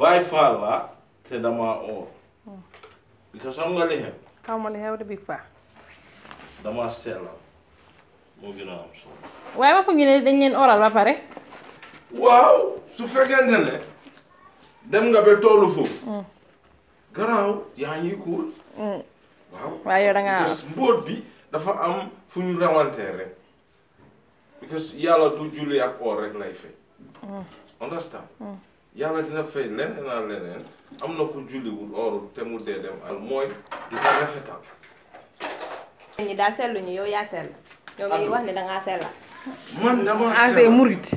vai falar te ma o because am nga lihem kam li hewde o fa dama ma mo gina am so way ba fu ñu ne dañ leen oral ba pare waaw su fekkente ne dem nga be tolu fu graw ya ngi ko wow wa yo da nga because bi dafa am fuñu ñu rek because yalla du julli ak or rek lay fe understand yàlla dina fay leneen am na ko julliwul oorul te mu dee dem al mooy di ko rafetal ñi daal seetluñu yow yaa seetlu ñoom ñuy wax ne dangaa sellal man dama ah, seetlu murit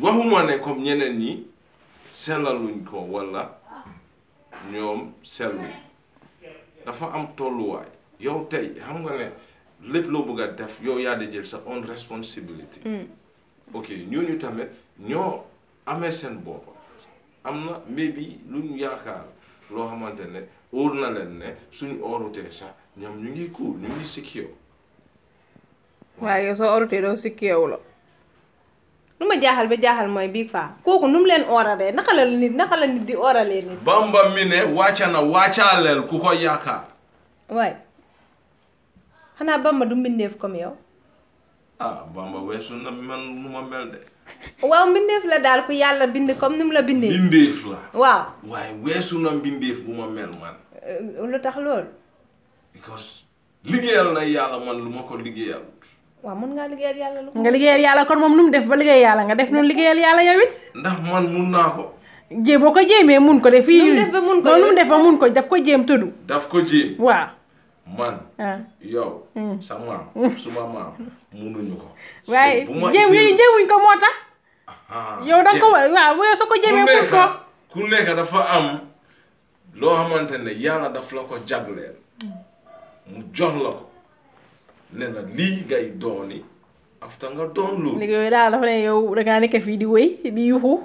waxuma ne comme ñeneen ñi sellaluñ ko walla ñoom seetlu dafa am tolluwaay yow tey xam nga ne lépp loo bëgg a def yow yaa di jël sa own responsibility mm. ok ñooñu tamit ñoo amee seen boppam am na maybe lu ñu yaakaar loo xamante ne óor na leen ne suñu oorutee sax ñoom ñu ngi cool ñu ngi secure waaye soo oorutee doo secure wu la lu ma jaaxal ba jaaxal mooy Big Faa kooku nu mu leen ooralee naka la nit naka nit di ooralee nit bamba mi ne wàcca na wàccaaleel ku ko yaakaar waay xanaa bamba du mbindeef comme yow ah bamba weesu na man nu ma mel de. waaw mbindeef la daal ku yàlla bind comme ni la bindee. mbindeef la waaw. waaye weesu na mbindeef bu ma mel man. Eh, lu tax loolu. because liggéeyal na yàlla man lu ma ko liggéeyal. waaw mun ngaa liggéeyal yàlla lu nga liggéeyal yàlla kon moom nu mu def ba liggéeyal yàlla nga def noonu liggéeyal yàlla yow ndax man mun naa ko. jéem boo ko jéemee mun ko def fii nu mu def mun ko def mun ko daf ko jéem tëdu. daf ko jéem waaw. man. Ah. yow. Hmm. sa maam hmm. suma maam munuñu ko. waaye jéem jéemuñ ko moo tax. yow da ko waaw yow soo ko jéemee dafa am loo xamante ne yàlla daf la ko jagleel. Hmm. mu jox la ko ne lii ngay dooni afta nga doon loolu. léegi yooyu daal dafa ne yow da ngaa fii di wéy di yuxu.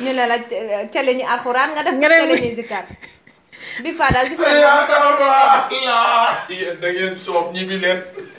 ñu ne la eh, cale ñi nga def. Big Faa daal gis nañu ko. yéen da ngeen soof ñibbi leen.